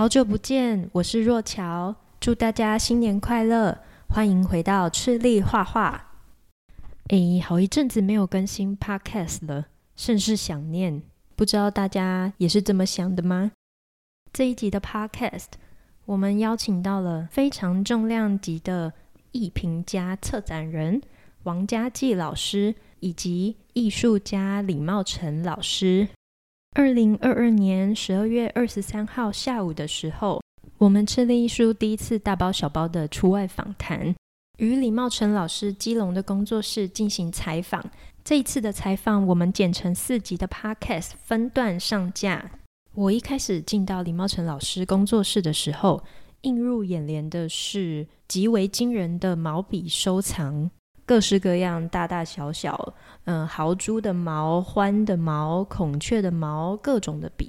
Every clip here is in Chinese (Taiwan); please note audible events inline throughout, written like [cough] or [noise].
好久不見，我是若橋，祝大家新年快樂！歡迎回到赤粒話畫。哎，好一陣子沒有更新 Podcast 了，甚是想念。不知道大家也是這麼想的嗎？這一集的 Podcast，我們邀請到了非常重量級的藝評家、策展人王嘉驥老師，以及藝術家李茂成老師。二零二二年十二月二十三號下午的時候，我們赤粒藝術第一次大包小包的出外訪談，與李茂成老師基隆的工作室進行採訪。這一次的採訪，我們剪成四集的 Podcast，分段上架。我一開始進到李茂成老師工作室的時候，映入眼簾的是極為驚人的毛筆收藏。各式各樣、大大小小，嗯，豪豬的毛、獾的毛、孔雀的毛，各種的筆，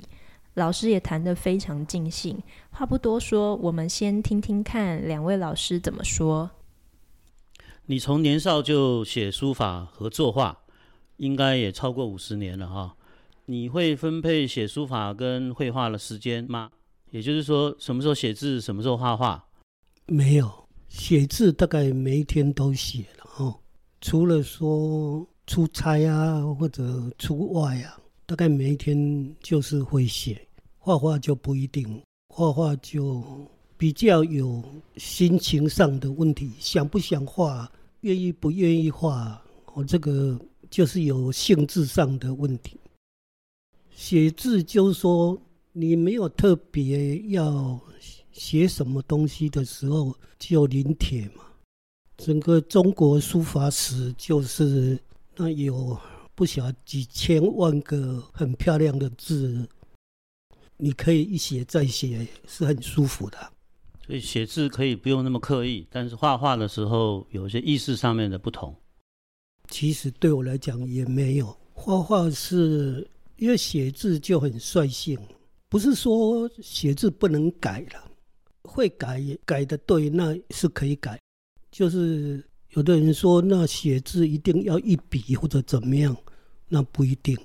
老師也談得非常盡興。話不多說，我們先聽聽看兩位老師怎麼說。你從年少就寫書法和作畫，應該也超過五十年了哈、哦。你會分配寫書法跟繪畫的時間嗎？也就是說，什麼時候寫字，什麼時候畫畫？沒有寫字，大概每一天都寫。除了說出差啊，或者出外啊，大概每一天就是會寫，畫畫就不一定，畫畫就比較有心情上的問題，想不想畫，願意不願意畫，我這個就是有性質上的問題。寫字就是說你沒有特別要寫什麼東西的時候，就臨帖嘛。整個中國書法史就是那有不小幾千萬個很漂亮的字，你可以一寫再寫，是很舒服的。所以寫字可以不用那麼刻意，但是畫畫的時候有些意識上面的不同。其實對我來講也沒有，畫畫是因為寫字就很率性，不是說寫字不能改了，會改也改的對，那是可以改。就是有的人說，那寫字一定要一筆或者怎麼樣，那不一定。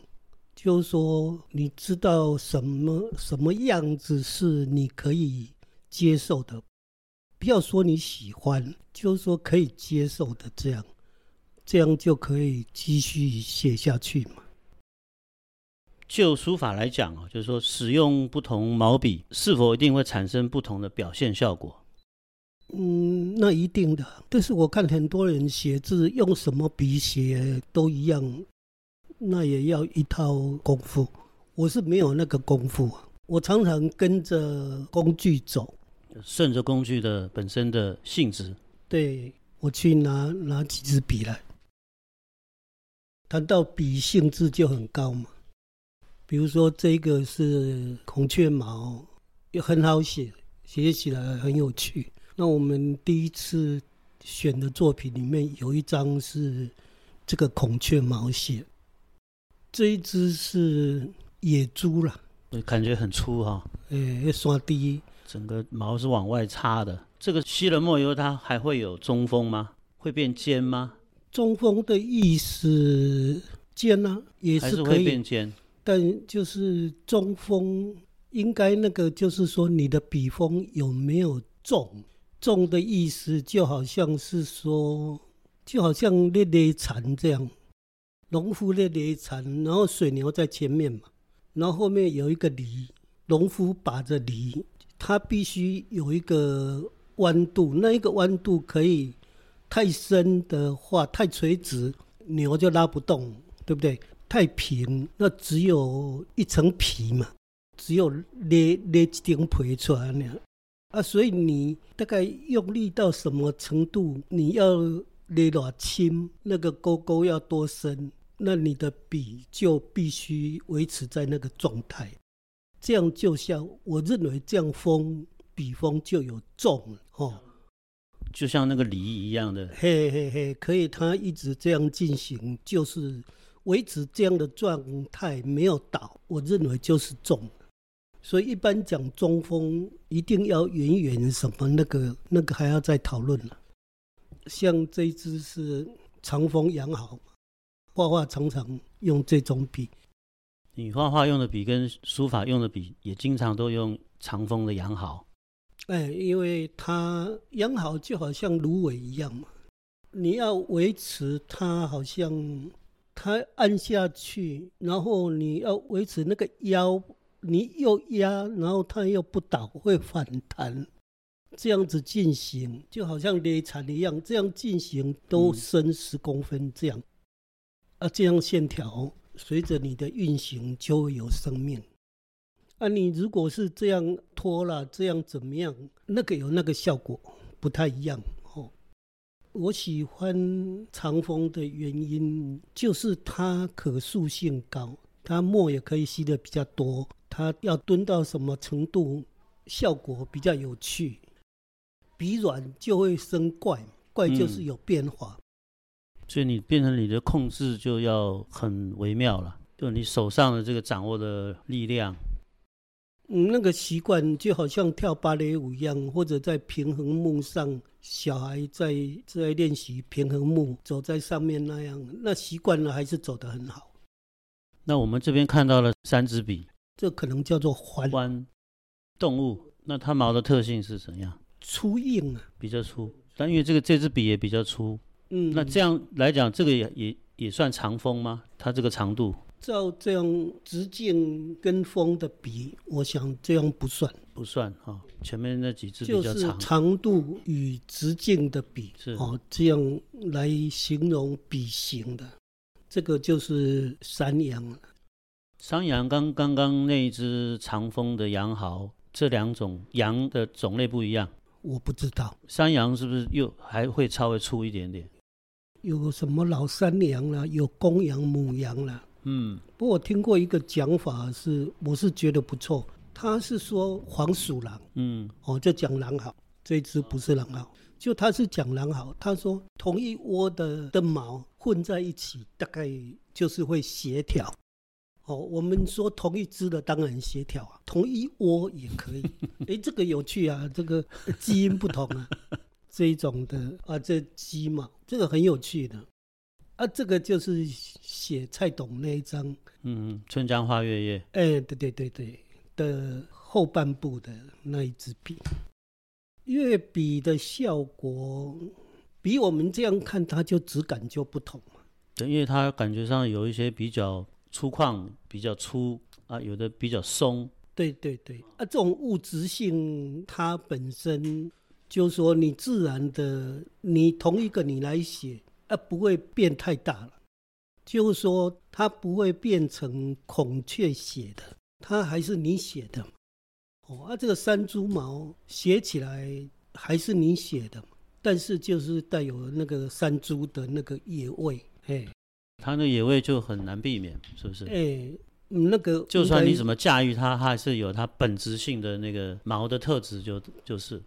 就是說，你知道什麼什麼樣子是你可以接受的，不要說你喜歡，就是說可以接受的，這樣，這樣就可以繼續寫下去嘛。就書法來講啊，就是說，使用不同毛筆是否一定會產生不同的表現效果？嗯，那一定的。但是我看很多人寫字用什麼筆寫都一樣，那也要一套功夫。我是沒有那個功夫啊，我常常跟着工具走，順着工具的本身的性質。對，我去拿拿幾支筆來。談到筆性質就很高嘛，比如說這個是孔雀毛，也很好寫，寫起來很有趣。那我們第一次選的作品裡面有一張是這個孔雀毛寫，這一支是野豬啦，對，感覺很粗哈、哦，要刷、欸、低，整個毛是往外插的。這個吸了墨油，它還會有中鋒嗎？會變尖嗎？中鋒的意思尖呢、啊，也是可以是會變尖，但就是中鋒應該那個就是說你的筆鋒有沒有重？重的意思就好像是說，就好像勒勒蠶這樣，農夫勒勒蠶，然後水牛在前面嘛，然後後面有一個犁，農夫把着犁，它必須有一個彎度，那一個彎度可以太深的話，太垂直，牛就拉不動，對不對？太平，那只有一層皮嘛，只有勒勒幾丁皮出來那樣。啊，所以你大概用力到什麼程度？你要勒多輕？那個鈎鈎要多深？那你的筆就必須維持在那個狀態，這樣就像我認為這樣風，風筆鋒就有重了哦，就像那個梨一樣的，嘿嘿嘿，可以，它一直這樣進行，就是維持這樣的狀態沒有倒，我認為就是重。所以一般講中鋒，一定要圓圓什麼那個那個還要再討論了。像這支是長鋒羊毫，畫畫常常用這種筆。你畫畫用的筆跟書法用的筆也經常都用長鋒的羊毫。哎，因為它羊毫就好像蘆葦一樣嘛，你要維持它，好像它按下去，然後你要維持那個腰。你又壓，然後它又不倒，會反彈，這樣子進行，就好像捏產一樣，這樣進行都深十公分這樣，嗯、啊，這樣線條隨着你的運行就會有生命。啊，你如果是這樣拖了，這樣怎麼樣？那個有那個效果，不太一樣哦。我喜歡長鋒的原因就是它可塑性高，它墨也可以吸得比較多。它要蹲到什麼程度，效果比較有趣。筆軟就會生怪，怪就是有變化。嗯，所以你變成你的控制就要很微妙了，就你手上的這個掌握的力量。嗯，那個習慣就好像跳芭蕾舞一樣，或者在平衡木上，小孩在在練習平衡木，走在上面那樣，那習慣了還是走得很好。那我們這邊看到了三支筆。這可能叫做環動物。那它毛的特性是怎樣？粗硬啊，比較粗，但因為這個這支筆也比較粗，嗯，那這樣來講，這個也也也算長鋒嗎？它這個長度照這樣直徑跟鋒的比，我想這樣不算，不算哈、哦。前面那幾支比較長。就是長度與直徑的比是哦，這樣來形容筆形的，這個就是山羊了。山羊跟剛剛那一只長鋒的羊毫，這兩種羊的種類不一樣，我不知道山羊是不是又還會稍微粗一點點？有什麼老山羊了、啊？有公羊、母羊了、啊？嗯，不過我聽過一個講法是，我是覺得不錯。他是說黃鼠狼，嗯，哦，就講狼毫，這一只不是狼毫，就他是講狼毫。他說同一窩的的毛混在一起，大概就是會協調。哦，我們說同一隻的當然協調啊，同一窩也可以。哎， [laughs] 這個有趣啊，這個基因不同啊， [laughs] 這一種的啊，這雞嘛，這個很有趣的。啊，這個就是寫蔡董那一張。嗯，《春江花月夜》。哎，對對對對的後半部的那一支筆，月筆的效果比我們這樣看，它就質感就不同嘛，啊。對，嗯，因為它感覺上有一些比較。粗獷比較粗啊，有的比較鬆。對對對，啊，這種物質性它本身就是說你自然的，你同一個你來寫啊，不會變太大了。就是說，它不會變成孔雀寫的，它還是你寫的。哦，啊，這個山豬毛寫起來還是你寫的，但是就是帶有那個山豬的那個野味，嘿。它那個野味就很難避免，是不是？哎、欸，那個，就算你怎麼駕馭它，它還是有它本質性的那個毛的特質就，就就是。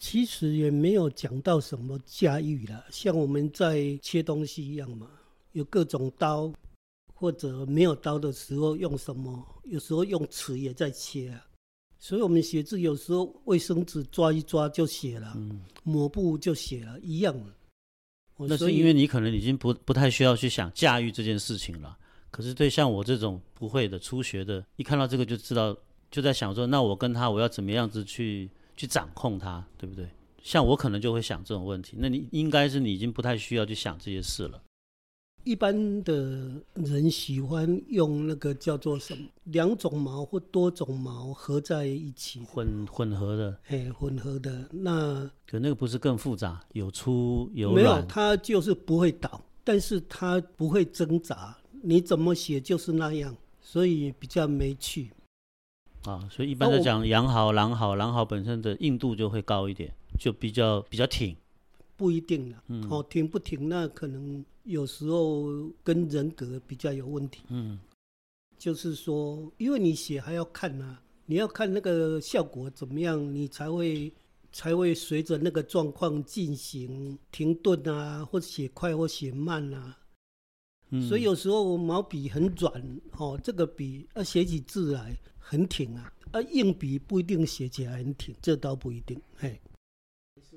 其實也沒有講到什麼駕馭啦，像我們在切東西一樣嘛，有各種刀，或者沒有刀的時候用什麼？有時候用尺也在切，啊，所以我們寫字有時候衛生紙抓一抓就寫了，嗯、抹布就寫了，一樣。那是因為你可能已經不不太需要去想駕馭這件事情了。可是對像我這種不會的初學的，一看到這個就知道，就在想說，那我跟他我要怎麼樣子去去掌控他，對不對？像我可能就會想這種問題。那你應該是你已經不太需要去想這些事了。一般的人喜歡用那個叫做什麼？兩種毛或多種毛合在一起混混合的，哎，混合的那可那個不是更複雜？有粗有沒有？它就是不會倒，但是它不會掙扎。你怎麼寫就是那樣，所以比較沒趣啊。所以一般在講我羊毫、狼毫，狼毫本身的硬度就會高一點，就比較比較挺。不一定了，嗯、哦，停不停？那可能有時候跟人格比較有問題。嗯，就是說，因為你寫還要看啊，你要看那個效果怎麼樣，你才會才會隨着那個狀況進行停頓啊，或是寫快或寫慢啊。嗯、所以有時候毛筆很軟，哦，這個筆啊寫起字來很挺啊，而、啊、硬筆不一定寫起來很挺，這倒不一定。嘿。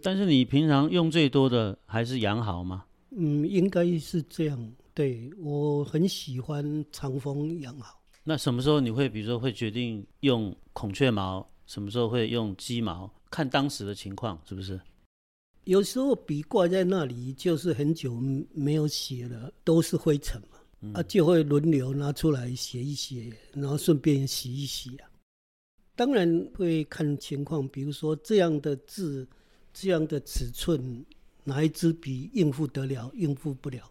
但是你平常用最多的還是羊毫嗎？嗯，應該是這樣。對，我很喜歡長鋒羊毫。那什麼時候你會，比如說，會決定用孔雀毛？什麼時候會用雞毛？看當時的情況是不是？有時候筆掛在那裡，就是很久沒有寫了，都是灰塵嘛，嗯、啊，就會輪流拿出來寫一寫，然後順便洗一洗啊。當然會看情況，比如說這樣的字。這樣的尺寸，哪一支筆應付得了？應付不了。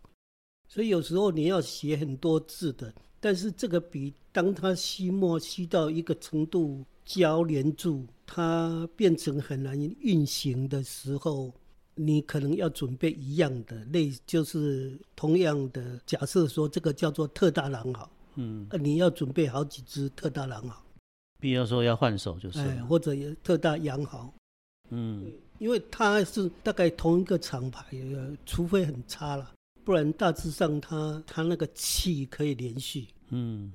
所以有時候你要寫很多字的，但是這個筆當它吸墨吸到一個程度，膠連住，它變成很難運行的時候，你可能要準備一樣的，類就是同樣的。假設說這個叫做特大狼毫，嗯，你要準備好幾支特大狼毫，必要時候要換手就是、哎，或者有特大羊毫，嗯。因為它是大概同一個廠牌，除非很差了，不然大致上它它那個氣可以連續。嗯。